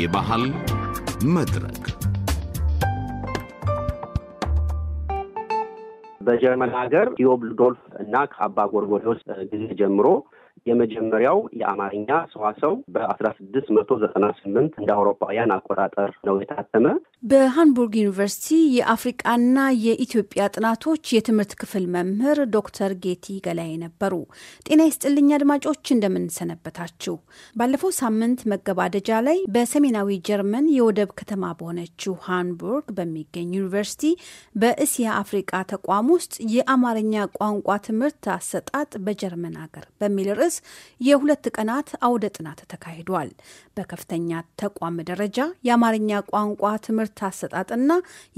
የባህል መድረክ በጀርመን ሀገር ዮብ ሉዶልፍ እና ከአባ ጎርጎሪዎስ ጊዜ ጀምሮ የመጀመሪያው የአማርኛ ሰዋሰው በአስራ ስድስት መቶ ዘጠና ስምንት እንደ አውሮፓውያን አቆጣጠር ነው የታተመ። በሃምቡርግ ዩኒቨርሲቲ የአፍሪቃና የኢትዮጵያ ጥናቶች የትምህርት ክፍል መምህር ዶክተር ጌቲ ገላይ ነበሩ። ጤና ይስጥልኝ አድማጮች፣ እንደምንሰነበታችሁ። ባለፈው ሳምንት መገባደጃ ላይ በሰሜናዊ ጀርመን የወደብ ከተማ በሆነችው ሃምቡርግ በሚገኝ ዩኒቨርሲቲ በእስያ አፍሪቃ ተቋም ውስጥ የአማርኛ ቋንቋ ትምህርት አሰጣጥ በጀርመን ሀገር በሚል ርዕስ ርዕስ የሁለት ቀናት አውደ ጥናት ተካሂዷል። በከፍተኛ ተቋም ደረጃ የአማርኛ ቋንቋ ትምህርት አሰጣጥና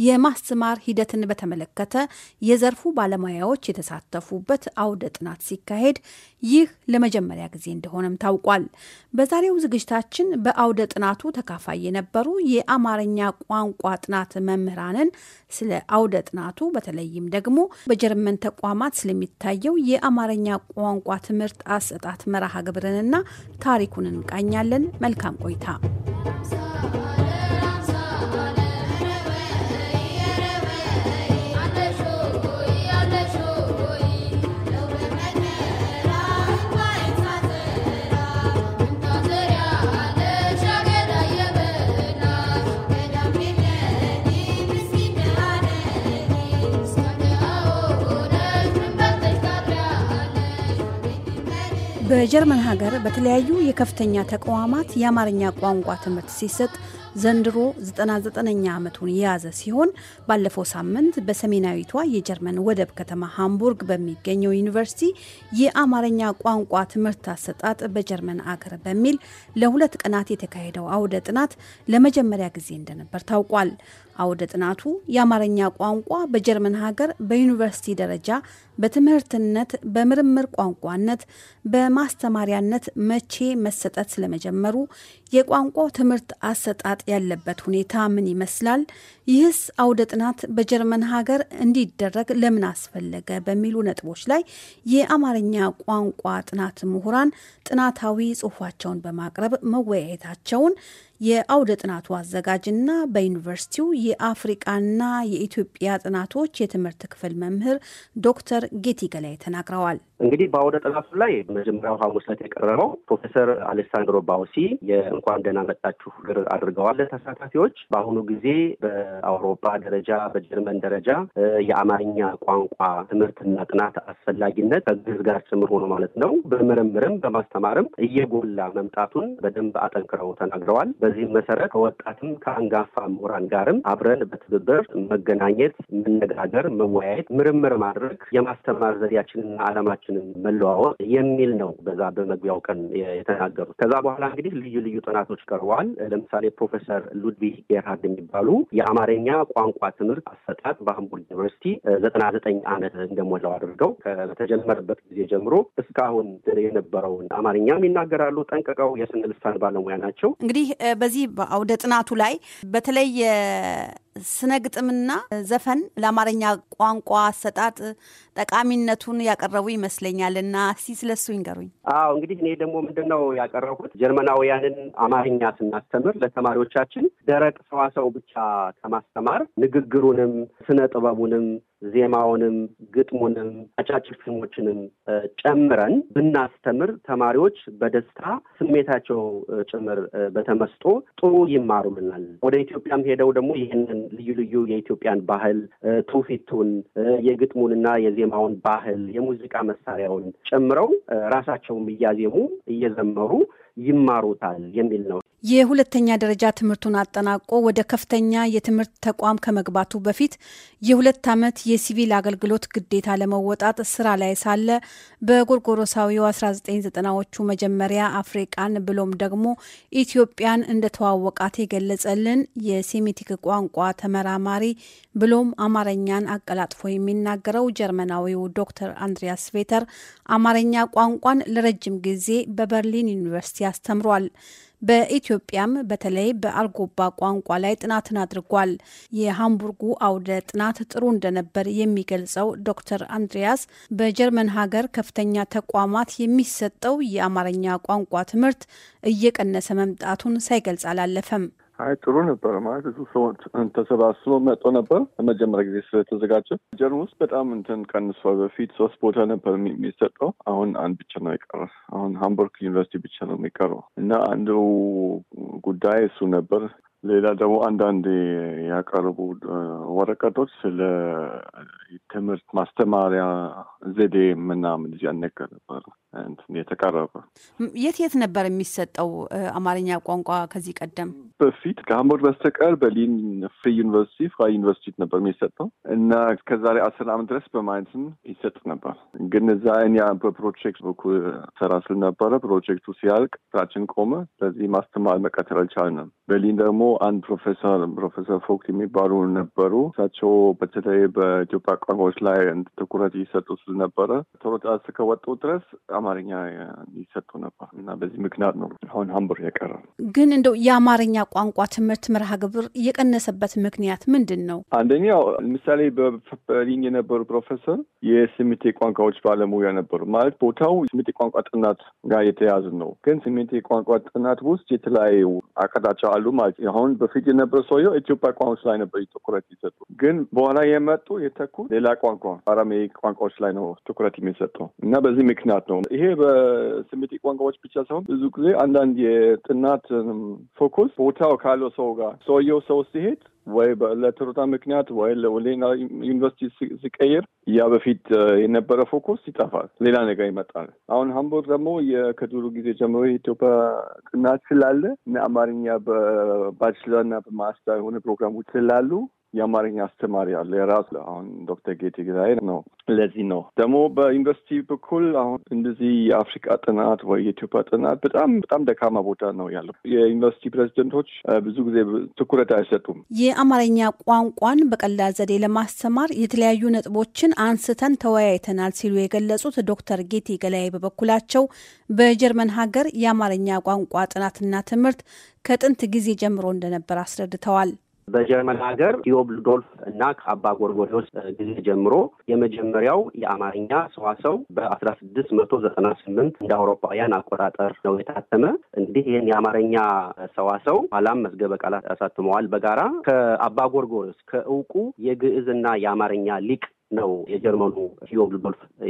የማስተማር ሂደትን በተመለከተ የዘርፉ ባለሙያዎች የተሳተፉበት አውደ ጥናት ሲካሄድ ይህ ለመጀመሪያ ጊዜ እንደሆነም ታውቋል። በዛሬው ዝግጅታችን በአውደ ጥናቱ ተካፋይ የነበሩ የአማርኛ ቋንቋ ጥናት መምህራንን ስለ አውደ ጥናቱ በተለይም ደግሞ በጀርመን ተቋማት ስለሚታየው የአማርኛ ቋንቋ ትምህርት አሰጣ ወጣት መርሃ ግብርንና ታሪኩን እንቃኛለን። መልካም ቆይታ በጀርመን ሀገር በተለያዩ የከፍተኛ ተቋማት የአማርኛ ቋንቋ ትምህርት ሲሰጥ ዘንድሮ 99ኛ ዓመቱን የያዘ ሲሆን ባለፈው ሳምንት በሰሜናዊቷ የጀርመን ወደብ ከተማ ሃምቡርግ በሚገኘው ዩኒቨርሲቲ የአማርኛ ቋንቋ ትምህርት አሰጣጥ በጀርመን አገር በሚል ለሁለት ቀናት የተካሄደው አውደ ጥናት ለመጀመሪያ ጊዜ እንደነበር ታውቋል። አውደ ጥናቱ የአማርኛ ቋንቋ በጀርመን ሀገር በዩኒቨርሲቲ ደረጃ በትምህርትነት፣ በምርምር ቋንቋነት፣ በማስተማሪያነት መቼ መሰጠት ስለመጀመሩ፣ የቋንቋው ትምህርት አሰጣጥ ያለበት ሁኔታ ምን ይመስላል፣ ይህስ አውደ ጥናት በጀርመን ሀገር እንዲደረግ ለምን አስፈለገ በሚሉ ነጥቦች ላይ የአማርኛ ቋንቋ ጥናት ምሁራን ጥናታዊ ጽሁፋቸውን በማቅረብ መወያየታቸውን የአውደ ጥናቱ አዘጋጅና በዩኒቨርሲቲው የአፍሪቃና የኢትዮጵያ ጥናቶች የትምህርት ክፍል መምህር ዶክተር ጌቲ ገላይ ተናግረዋል። እንግዲህ በአውደ ጥናቱ ላይ መጀመሪያው ሐሙስ ዕለት የቀረበው ፕሮፌሰር አሌሳንድሮ ባውሲ የእንኳን ደህና መጣችሁ ግር አድርገዋል ለተሳታፊዎች። በአሁኑ ጊዜ በአውሮፓ ደረጃ በጀርመን ደረጃ የአማርኛ ቋንቋ ትምህርትና ጥናት አስፈላጊነት ከግዕዝ ጋር ጭምር ሆኖ ማለት ነው በምርምርም በማስተማርም እየጎላ መምጣቱን በደንብ አጠንክረው ተናግረዋል። በዚህም መሰረት ከወጣትም ከአንጋፋ ምሁራን ጋርም አብረን በትብብር መገናኘት፣ መነጋገር፣ መወያየት፣ ምርምር ማድረግ፣ የማስተማር ዘዴያችንና ዓላማችንን መለዋወጥ የሚል ነው በዛ በመግቢያው ቀን የተናገሩት። ከዛ በኋላ እንግዲህ ልዩ ልዩ ጥናቶች ቀርበዋል። ለምሳሌ ፕሮፌሰር ሉድቪግ ጌርሃርድ የሚባሉ የአማርኛ ቋንቋ ትምህርት አሰጣጥ በሃምቡርግ ዩኒቨርሲቲ ዘጠና ዘጠኝ ዓመት እንደሞላው አድርገው ከተጀመረበት ጊዜ ጀምሮ እስካሁን የነበረውን አማርኛም ይናገራሉ። ጠንቅቀው የስነ ልሳን ባለሙያ ናቸው። እንግዲህ በዚህ በአውደ ጥናቱ ላይ በተለይ ስነ ግጥምና ዘፈን ለአማርኛ ቋንቋ አሰጣጥ ጠቃሚነቱን ያቀረቡ ይመስለኛል እና እስቲ ስለሱ ይንገሩኝ። አዎ እንግዲህ እኔ ደግሞ ምንድን ነው ያቀረቡት ጀርመናውያንን አማርኛ ስናስተምር ለተማሪዎቻችን ደረቅ ሰዋሰው ብቻ ከማስተማር ንግግሩንም፣ ስነ ጥበቡንም፣ ዜማውንም፣ ግጥሙንም፣ አጫጭር ስሞችንም ጨምረን ብናስተምር ተማሪዎች በደስታ ስሜታቸው ጭምር በተመስጦ ጥሩ ይማሩልናል። ወደ ኢትዮጵያም ሄደው ደግሞ ይህንን ልዩ ልዩ የኢትዮጵያን ባህል ትውፊቱን፣ የግጥሙንና የዜማውን ባህል የሙዚቃ መሳሪያውን ጨምረው ራሳቸውም እያዜሙ እየዘመሩ ይማሩታል የሚል ነው። የሁለተኛ ደረጃ ትምህርቱን አጠናቆ ወደ ከፍተኛ የትምህርት ተቋም ከመግባቱ በፊት የሁለት ዓመት የሲቪል አገልግሎት ግዴታ ለመወጣት ስራ ላይ ሳለ በጎርጎሮሳዊው 1990ዎቹ መጀመሪያ አፍሪቃን ብሎም ደግሞ ኢትዮጵያን እንደተዋወቃት የገለጸልን የሴሜቲክ ቋንቋ ተመራማሪ ብሎም አማርኛን አቀላጥፎ የሚናገረው ጀርመናዊው ዶክተር አንድሪያስ ቬተር አማርኛ ቋንቋን ለረጅም ጊዜ በበርሊን ዩኒቨርሲቲ አስተምሯል። በኢትዮጵያም በተለይ በአልጎባ ቋንቋ ላይ ጥናትን አድርጓል። የሃምቡርጉ አውደ ጥናት ጥሩ እንደነበር የሚገልጸው ዶክተር አንድሪያስ በጀርመን ሀገር ከፍተኛ ተቋማት የሚሰጠው የአማርኛ ቋንቋ ትምህርት እየቀነሰ መምጣቱን ሳይገልጽ አላለፈም። አይ ጥሩ ነበር ማለት ብዙ ሰዎች ተሰባስበው መጦ ነበር። ለመጀመሪያ ጊዜ ስለተዘጋጀ ጀርም ውስጥ በጣም እንትን ቀንሷል። በፊት ሶስት ቦታ ነበር የሚሰጠው፣ አሁን አንድ ብቻ ነው የቀረ። አሁን ሃምቡርግ ዩኒቨርሲቲ ብቻ ነው የሚቀረው እና አንዱ ጉዳይ እሱ ነበር። ሌላ ደግሞ አንዳንድ ያቀረቡ ወረቀቶች ስለ ትምህርት ማስተማሪያ ዘዴ ምናምን እዚያ ነገር ነበር እንትን የተቀረበ የት የት ነበር የሚሰጠው አማርኛ ቋንቋ ከዚህ ቀደም? በፊት ከሀምቦልት በስተቀር በሊን ፍሪ ዩኒቨርሲቲ ፍራ ዩኒቨርሲቲ ነበር የሚሰጠው እና ከዛሬ አስር ዓመት ድረስ በማለትም ይሰጥ ነበር። ግን እዛ እኛ በፕሮጀክት በኩል ሰራ ስለነበረ ፕሮጀክቱ ሲያልቅ ስራችን ቆመ። ስለዚህ ማስተማር መቀጠል አልቻልንም። በሊን ደግሞ አንድ ፕሮፌሰር ፕሮፌሰር ፎክት የሚባሉ ነበሩ። እሳቸው በተለይ በኢትዮጵያ ቋንቋዎች ላይ ትኩረት ይሰጡ ስለነበረ ቶሎ ከወጡ ድረስ በአማርኛ ይሰጡ ነበር እና በዚህ ምክንያት ነው አሁን ሀምቡር የቀረ። ግን እንደው የአማርኛ ቋንቋ ትምህርት መርሃ ግብር የቀነሰበት ምክንያት ምንድን ነው? አንደኛው ለምሳሌ በበርሊን የነበሩ ፕሮፌሰር የስሜቴ ቋንቋዎች ባለሙያ ነበሩ። ማለት ቦታው ስሜቴ ቋንቋ ጥናት ጋር የተያዙ ነው። ግን ስሜቴ ቋንቋ ጥናት ውስጥ የተለያዩ አቅጣጫ አሉ ማለት አሁን በፊት የነበረ ሰውየው ኢትዮጵያ ቋንቋዎች ላይ ነበር ትኩረት ይሰጡ። ግን በኋላ የመጡ የተኩ ሌላ ቋንቋ አራሜ ቋንቋዎች ላይ ነው ትኩረት የሚሰጠው እና በዚህ ምክንያት ነው ይሄ በስሚጢ ቋንቋዎች ብቻ ሳይሆን ብዙ ጊዜ አንዳንድ የጥናት ፎኩስ ቦታው ካለው ሰው ጋር ሰውየው ሰው ሲሄድ ወይ ለትሮታ ምክንያት ወይ ሌላ ዩኒቨርሲቲ ሲቀይር ያ በፊት የነበረ ፎኮስ ይጠፋል፣ ሌላ ነገር ይመጣል። አሁን ሃምቡርግ ደግሞ ከድሮ ጊዜ ጀምሮ የኢትዮጵያ ጥናት ስላለ እና አማርኛ በባችለር እና በማስተር የሆነ ፕሮግራሞች ስላሉ የአማርኛ አስተማሪ አለ የራሱ አሁን ዶክተር ጌቴ ግዛይ ነው። ለዚህ ነው ደግሞ በዩኒቨርሲቲ በኩል አሁን እንደዚህ የአፍሪካ ጥናት ወይ የኢትዮጵያ ጥናት በጣም በጣም ደካማ ቦታ ነው ያለው። የዩኒቨርሲቲ ፕሬዚደንቶች ብዙ ጊዜ ትኩረት አይሰጡም። የአማርኛ ቋንቋን በቀላል ዘዴ ለማስተማር የተለያዩ ነጥቦችን አንስተን ተወያይተናል ሲሉ የገለጹት ዶክተር ጌቴ ገላይ በበኩላቸው በጀርመን ሀገር የአማርኛ ቋንቋ ጥናትና ትምህርት ከጥንት ጊዜ ጀምሮ እንደነበር አስረድተዋል። በጀርመን ሀገር ዲዮብ ሉዶልፍ እና ከአባ ጎርጎሪዎስ ጊዜ ጀምሮ የመጀመሪያው የአማርኛ ሰዋሰው በአስራ ስድስት መቶ ዘጠና ስምንት እንደ አውሮፓውያን አቆጣጠር ነው የታተመ። እንግዲህ ይህን የአማርኛ ሰዋሰው ኋላም መዝገበ ቃላት ያሳትመዋል በጋራ ከአባ ጎርጎሪዎስ ከእውቁ የግዕዝና የአማርኛ ሊቅ ነው የጀርመኑ ዮብ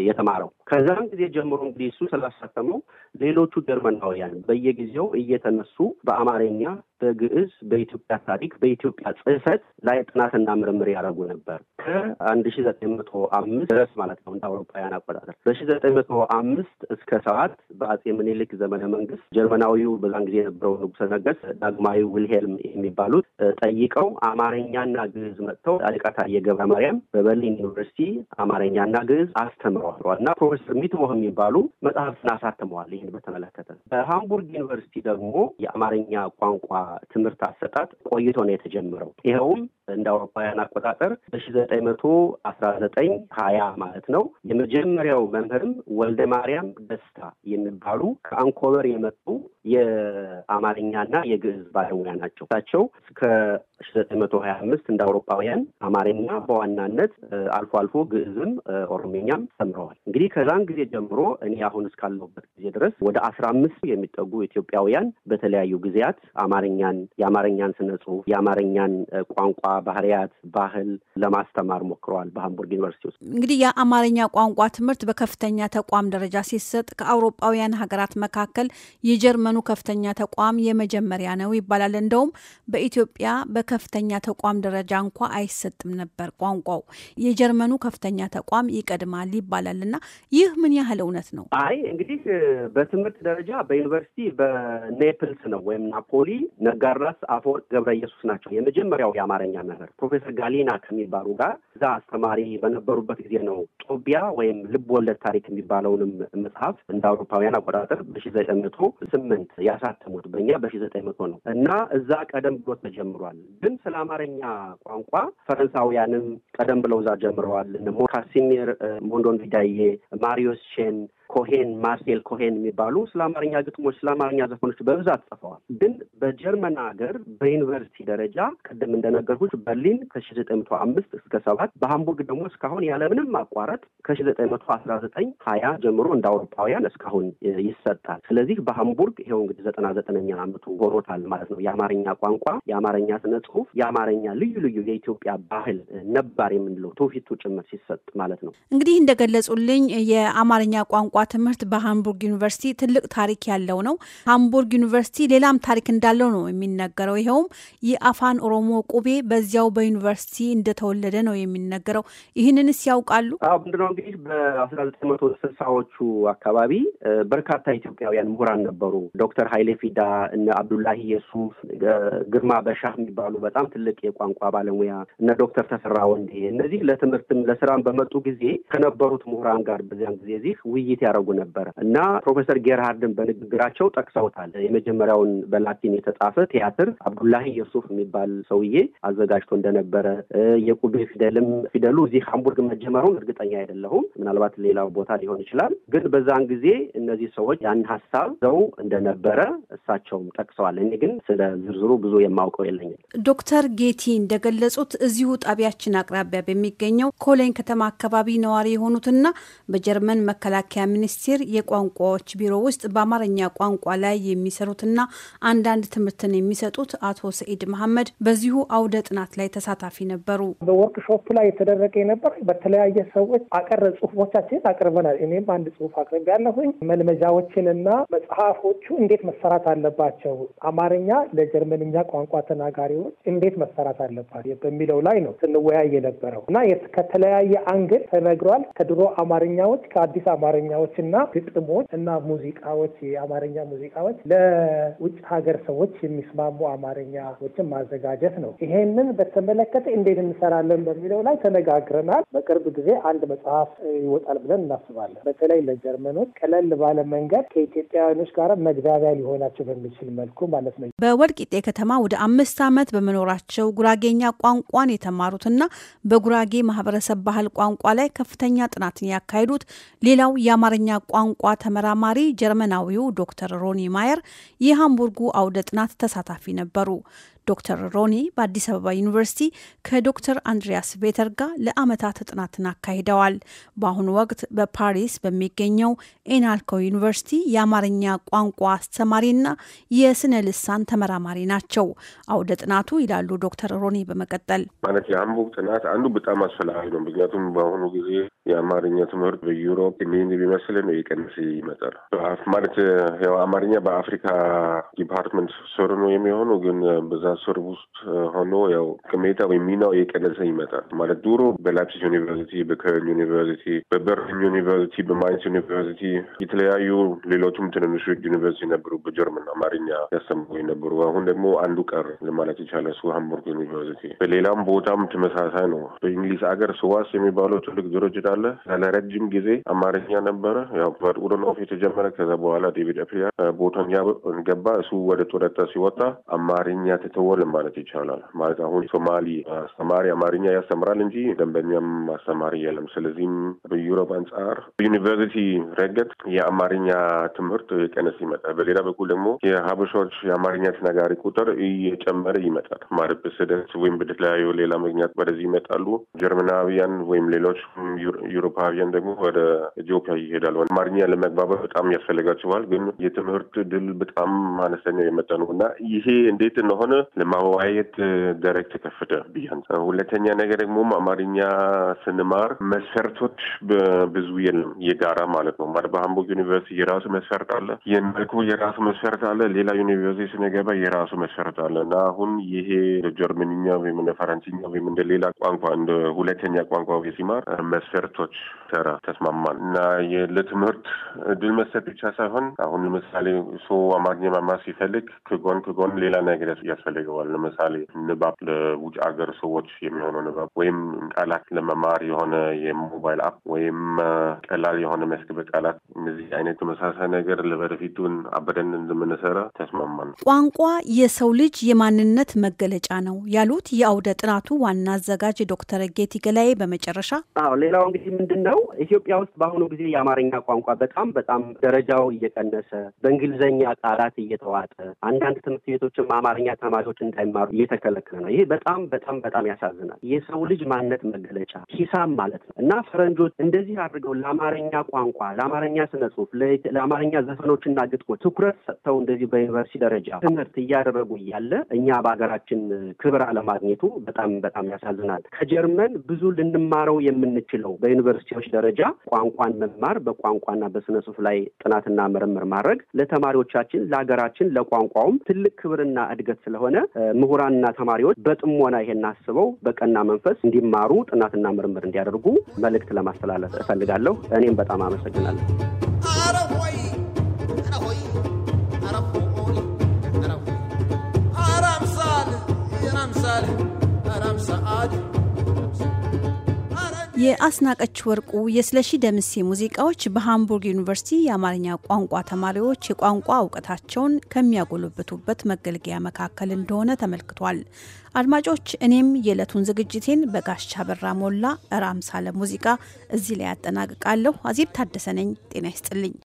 የተማረው። ከዛም ጊዜ ጀምሮ እንግዲህ እሱ ስላሳተመው ሌሎቹ ጀርመናውያን በየጊዜው እየተነሱ በአማርኛ በግዕዝ በኢትዮጵያ ታሪክ በኢትዮጵያ ጽህፈት ላይ ጥናትና ምርምር ያደረጉ ነበር። ከአንድ ሺ ዘጠኝ መቶ አምስት ድረስ ማለት ነው እንደ አውሮፓውያን አቆጣጠር በሺ ዘጠኝ መቶ አምስት እስከ ሰባት በአጼ ምኒልክ ዘመነ መንግስት ጀርመናዊው በዛን ጊዜ የነበረው ንጉሰ ነገስ ዳግማዊ ዊልሄልም የሚባሉት ጠይቀው አማርኛና ግዕዝ መጥተው ሊቀ ታዬ ገብረ ማርያም በበርሊን ዩኒቨርሲቲ አማርኛና ግዕዝ አስተምረዋል እና ፕሮፌሰር ሚትሞህ የሚባሉ መጽሐፍትን አሳትመዋል። ይህን በተመለከተ በሃምቡርግ ዩኒቨርሲቲ ደግሞ የአማርኛ ቋንቋ ትምህርት አሰጣጥ ቆይቶ ነው የተጀመረው። ይኸውም እንደ አውሮፓውያን አቆጣጠር በሺ ዘጠኝ መቶ አስራ ዘጠኝ ሀያ ማለት ነው። የመጀመሪያው መምህርም ወልደ ማርያም ደስታ የሚባሉ ከአንኮበር የመጡ የአማርኛና የግዕዝ ባለሙያ ናቸው። እሳቸው እስከ ሺ ዘጠኝ መቶ ሀያ አምስት እንደ አውሮፓውያን አማርኛ በዋናነት አልፎ አልፎ ግዕዝም ኦሮምኛም ተምረዋል። እንግዲህ ከዛን ጊዜ ጀምሮ እኔ አሁን እስካለሁበት ጊዜ ድረስ ወደ አስራ አምስት የሚጠጉ ኢትዮጵያውያን በተለያዩ ጊዜያት አማርኛን የአማርኛን ስነ ጽሁፍ የአማርኛን ቋንቋ ባህሪያት፣ ባህል ለማስተማር ሞክረዋል በሃምቡርግ ዩኒቨርሲቲ ውስጥ። እንግዲህ የአማርኛ ቋንቋ ትምህርት በከፍተኛ ተቋም ደረጃ ሲሰጥ ከአውሮፓውያን ሀገራት መካከል የጀርመኑ የስልጣኑ ከፍተኛ ተቋም የመጀመሪያ ነው ይባላል። እንደውም በኢትዮጵያ በከፍተኛ ተቋም ደረጃ እንኳ አይሰጥም ነበር ቋንቋው። የጀርመኑ ከፍተኛ ተቋም ይቀድማል ይባላል እና ይህ ምን ያህል እውነት ነው? አይ እንግዲህ በትምህርት ደረጃ በዩኒቨርሲቲ በኔፕልስ ነው ወይም ናፖሊ ነጋራስ አፈወርቅ ገብረ ኢየሱስ ናቸው የመጀመሪያው የአማርኛ መምህር ፕሮፌሰር ጋሊና ከሚባሉ ጋር እዛ አስተማሪ በነበሩበት ጊዜ ነው ጦቢያ ወይም ልብ ወለድ ታሪክ የሚባለውንም መጽሐፍ እንደ አውሮፓውያን አቆጣጠር በሺ ዘጠኝ መቶ ስምንት መድኃኒት ያሳተሙት በእኛ በሺ ዘጠኝ መቶ ነው እና እዛ ቀደም ብሎ ተጀምሯል። ግን ስለ አማርኛ ቋንቋ ፈረንሳውያንም ቀደም ብለው እዛ ጀምረዋል። ካሲሚር ሞንዶንዲዳዬ፣ ማሪዮስ ሼን፣ ኮሄን ማርሴል ኮሄን የሚባሉ ስለ አማርኛ ግጥሞች፣ ስለ አማርኛ ዘፈኖች በብዛት ጽፈዋል። ግን በጀርመን ሀገር በዩኒቨርሲቲ ደረጃ ቅድም እንደነገርኩች በርሊን ከሺ ዘጠኝ መቶ አምስት እስከ ሰባት በሀምቡርግ ደግሞ እስካሁን ያለምንም ማቋረጥ ከሺ ዘጠኝ መቶ አስራ ዘጠኝ ሀያ ጀምሮ እንደ አውሮፓውያን እስካሁን ይሰጣል። ስለዚህ በሀምቡርግ ይኸው እንግዲህ ዘጠና ዘጠነኛ አመቱ ሆኖታል ማለት ነው። የአማርኛ ቋንቋ፣ የአማርኛ ስነ ጽሁፍ፣ የአማርኛ ልዩ ልዩ የኢትዮጵያ ባህል ነባር የምንለው ትውፊቱ ጭምር ሲሰጥ ማለት ነው። እንግዲህ እንደገለጹልኝ የአማርኛ ቋንቋ ቋንቋ ትምህርት በሃምቡርግ ዩኒቨርሲቲ ትልቅ ታሪክ ያለው ነው። ሃምቡርግ ዩኒቨርሲቲ ሌላም ታሪክ እንዳለው ነው የሚነገረው። ይኸውም የአፋን ኦሮሞ ቁቤ በዚያው በዩኒቨርሲቲ እንደተወለደ ነው የሚነገረው። ይህንንስ ያውቃሉ? ምንድነው እንግዲህ በአስራ ዘጠኝ መቶ ስልሳዎቹ አካባቢ በርካታ ኢትዮጵያውያን ምሁራን ነበሩ። ዶክተር ሀይሌ ፊዳ፣ እነ አብዱላሂ የሱፍ፣ ግርማ በሻህ የሚባሉ በጣም ትልቅ የቋንቋ ባለሙያ እነ ዶክተር ተፈራ ወንዴ እነዚህ ለትምህርትም ለስራም በመጡ ጊዜ ከነበሩት ምሁራን ጋር በዚያን ጊዜ እዚህ ውይይት ያደረጉ ነበር እና ፕሮፌሰር ጌርሃርድን በንግግራቸው ጠቅሰውታል። የመጀመሪያውን በላቲን የተጻፈ ቲያትር አብዱላሂ የሱፍ የሚባል ሰውዬ አዘጋጅቶ እንደነበረ የቁቤ ፊደልም ፊደሉ እዚህ ሃምቡርግ መጀመሩን እርግጠኛ አይደለሁም። ምናልባት ሌላው ቦታ ሊሆን ይችላል። ግን በዛን ጊዜ እነዚህ ሰዎች ያን ሀሳብ ዘው እንደነበረ እሳቸውም ጠቅሰዋል። እኔ ግን ስለ ዝርዝሩ ብዙ የማውቀው የለኝም። ዶክተር ጌቲ እንደገለጹት እዚሁ ጣቢያችን አቅራቢያ በሚገኘው ኮሌን ከተማ አካባቢ ነዋሪ የሆኑትና በጀርመን መከላከያ ሚኒስቴር የቋንቋዎች ቢሮ ውስጥ በአማርኛ ቋንቋ ላይ የሚሰሩትና አንዳንድ ትምህርትን የሚሰጡት አቶ ሰኢድ መሐመድ በዚሁ አውደ ጥናት ላይ ተሳታፊ ነበሩ። በወርክሾፕ ላይ የተደረገ የነበር በተለያየ ሰዎች አቀረ ጽሁፎቻችን አቅርበናል። እኔም አንድ ጽሁፍ አቅርብ ያለሁኝ መልመጃዎችን መጽሐፎቹ እንዴት መሰራት አለባቸው፣ አማርኛ ለጀርመንኛ ቋንቋ ተናጋሪዎች እንዴት መሰራት አለባቸው በሚለው ላይ ነው ስንወያይ የነበረው እና ከተለያየ አንግል ተነግሯል። ከድሮ አማርኛዎች ከአዲስ አማርኛዎች እና ግጥሞች እና ሙዚቃዎች የአማርኛ ሙዚቃዎች ለውጭ ሀገር ሰዎች የሚስማሙ አማርኛዎችን ማዘጋጀት ነው። ይሄንን በተመለከተ እንዴት እንሰራለን በሚለው ላይ ተነጋግረናል። በቅርብ ጊዜ አንድ መጽሐፍ ይወጣል ብለን እናስባለን። በተለይ ለጀርመኖች ቀለል ባለ መንገድ ከኢትዮጵያውያኖች ጋር መግባቢያ ሊሆናቸው በሚችል መልኩ ማለት ነው። በወልቂጤ ከተማ ወደ አምስት ዓመት በመኖራቸው ጉራጌኛ ቋንቋን የተማሩትና በጉራጌ ማህበረሰብ ባህል ቋንቋ ላይ ከፍተኛ ጥናትን ያካሄዱት ሌላው የአማርኛ የአማርኛ ቋንቋ ተመራማሪ ጀርመናዊው ዶክተር ሮኒ ማየር የሃምቡርጉ አውደ ጥናት ተሳታፊ ነበሩ። ዶክተር ሮኒ በአዲስ አበባ ዩኒቨርሲቲ ከዶክተር አንድሪያስ ቤተር ጋር ለአመታት ጥናትን አካሂደዋል። በአሁኑ ወቅት በፓሪስ በሚገኘው ኤናልኮ ዩኒቨርሲቲ የአማርኛ ቋንቋ አስተማሪና የስነ ልሳን ተመራማሪ ናቸው። አውደ ጥናቱ ይላሉ ዶክተር ሮኒ በመቀጠል ማለት የሀምቡርግ ጥናት አንዱ በጣም አስፈላጊ ነው። ምክንያቱም በአሁኑ ጊዜ የአማርኛ ትምህርት በዩሮፕ ሚን ነው የቀንስ ይመጣል። ማለት ያው አማርኛ በአፍሪካ ዲፓርትመንት ስር ነው የሚሆኑ ግን በዛ ስር ውስጥ ሆኖ ያው ቅሜታ ወይ ሚናው የቀነሰ ይመጣል። ማለት ዱሮ በላፕሲስ ዩኒቨርሲቲ፣ በከርን ዩኒቨርሲቲ፣ በበርን ዩኒቨርሲቲ፣ በማይንስ ዩኒቨርሲቲ የተለያዩ ሌሎቹም ትንንሹ ዩኒቨርሲቲ ነበሩ በጀርመን አማርኛ ያስተምሩ ነበሩ። አሁን ደግሞ አንዱ ቀር ለማለት ይቻለ ሱ ሃምቡርግ ዩኒቨርሲቲ። በሌላም ቦታም ተመሳሳይ ነው። በእንግሊዝ ሀገር ስዋስ የሚባለው ትልቅ ድርጅት አለ። ለረጅም ጊዜ አማርኛ ነበረ። ያው በጥቁር ነው ፊት ከዛ በኋላ ዴቪድ አፕሪያ ቦታኛ ገባ። እሱ ወደ ጡረታ ሲወጣ አማርኛ ትተወል ማለት ይቻላል። ማለት አሁን ሶማሊ አስተማሪ አማርኛ ያስተምራል እንጂ ደንበኛም አስተማሪ የለም። ስለዚህም በዩሮፕ አንጻር ዩኒቨርሲቲ ረገድ የአማርኛ ትምህርት የቀነስ ይመጣል። በሌላ በኩል ደግሞ የሀበሾች የአማርኛ ተናጋሪ ቁጥር እየጨመረ ይመጣል። ማለት በስደት ወይም በተለያዩ ሌላ ምክንያት ወደዚህ ይመጣሉ። ጀርመናዊያን ወይም ሌሎች ዩሮፓውያን ደግሞ ወደ ኢትዮጵያ ይሄዳል። አማርኛ ለመግባባት በጣም ያስፈልጋቸዋል፣ ግን የትምህርት ድል በጣም አነስተኛ የመጣ ነው እና ይሄ እንዴት እንደሆነ ለማወያየት ደረግ ተከፈተ ብያን። ሁለተኛ ነገር ደግሞ አማርኛ ስንማር መስፈርቶች ብዙ የለም የጋራ ማለት ነው። በሀምቡርግ ዩኒቨርሲቲ የራሱ መስፈርት አለ፣ የመልኩ የራሱ መስፈርት አለ፣ ሌላ ዩኒቨርሲቲ ስንገባ የራሱ መስፈርት አለ እና አሁን ይሄ ጀርመንኛ ወይም እንደ ፈረንሲኛ ወይም እንደ ሌላ ቋንቋ እንደ ሁለተኛ ቋንቋ ሲማር መስፈርቱ ፕሮጀክቶች ሰራ ተስማማል እና ለትምህርት እድል መሰጥ ብቻ ሳይሆን አሁን ለምሳሌ ሰው አማርኛ ማማ ሲፈልግ ክጎን ክጎን ሌላ ነገር ያስፈልገዋል። ለምሳሌ ንባብ፣ ለውጭ አገር ሰዎች የሚሆነው ንባብ ወይም ቃላት ለመማር የሆነ የሞባይል አፕ ወይም ቀላል የሆነ መስክ በቃላት እነዚህ አይነት ተመሳሳይ ነገር ለወደፊቱን አበደን እንደምንሰራ ተስማማል። ቋንቋ የሰው ልጅ የማንነት መገለጫ ነው ያሉት የአውደ ጥናቱ ዋና አዘጋጅ ዶክተር ጌቲ ገላዬ በመጨረሻ አዎ ሌላው እንግዲህ ስለዚህ ምንድን ነው ኢትዮጵያ ውስጥ በአሁኑ ጊዜ የአማርኛ ቋንቋ በጣም በጣም ደረጃው እየቀነሰ በእንግሊዝኛ ቃላት እየተዋጠ አንዳንድ ትምህርት ቤቶችም አማርኛ ተማሪዎች እንዳይማሩ እየተከለከለ ነው። ይሄ በጣም በጣም በጣም ያሳዝናል። የሰው ልጅ ማንነት መገለጫ ሂሳብ ማለት ነው እና ፈረንጆች እንደዚህ አድርገው ለአማርኛ ቋንቋ፣ ለአማርኛ ስነ ጽሁፍ፣ ለአማርኛ ዘፈኖችና ግጥሞች ትኩረት ሰጥተው እንደዚህ በዩኒቨርሲቲ ደረጃ ትምህርት እያደረጉ እያለ እኛ በሀገራችን ክብር አለማግኘቱ በጣም በጣም ያሳዝናል። ከጀርመን ብዙ ልንማረው የምንችለው በዩኒቨርሲቲዎች ደረጃ ቋንቋን መማር በቋንቋና በስነ ጽሁፍ ላይ ጥናትና ምርምር ማድረግ ለተማሪዎቻችን፣ ለሀገራችን፣ ለቋንቋውም ትልቅ ክብርና እድገት ስለሆነ ምሁራንና ተማሪዎች በጥሞና ይሄን አስበው በቀና መንፈስ እንዲማሩ ጥናትና ምርምር እንዲያደርጉ መልእክት ለማስተላለፍ እፈልጋለሁ። እኔም በጣም አመሰግናለሁ። የአስናቀች ወርቁ የስለሺ ደምሴ ሙዚቃዎች በሃምቡርግ ዩኒቨርሲቲ የአማርኛ ቋንቋ ተማሪዎች የቋንቋ እውቀታቸውን ከሚያጎለብቱበት መገልገያ መካከል እንደሆነ ተመልክቷል። አድማጮች፣ እኔም የዕለቱን ዝግጅቴን በጋሻ በራ ሞላ ራምሳለ ሙዚቃ እዚህ ላይ ያጠናቅቃለሁ። አዜብ ታደሰ ነኝ። ጤና ይስጥልኝ።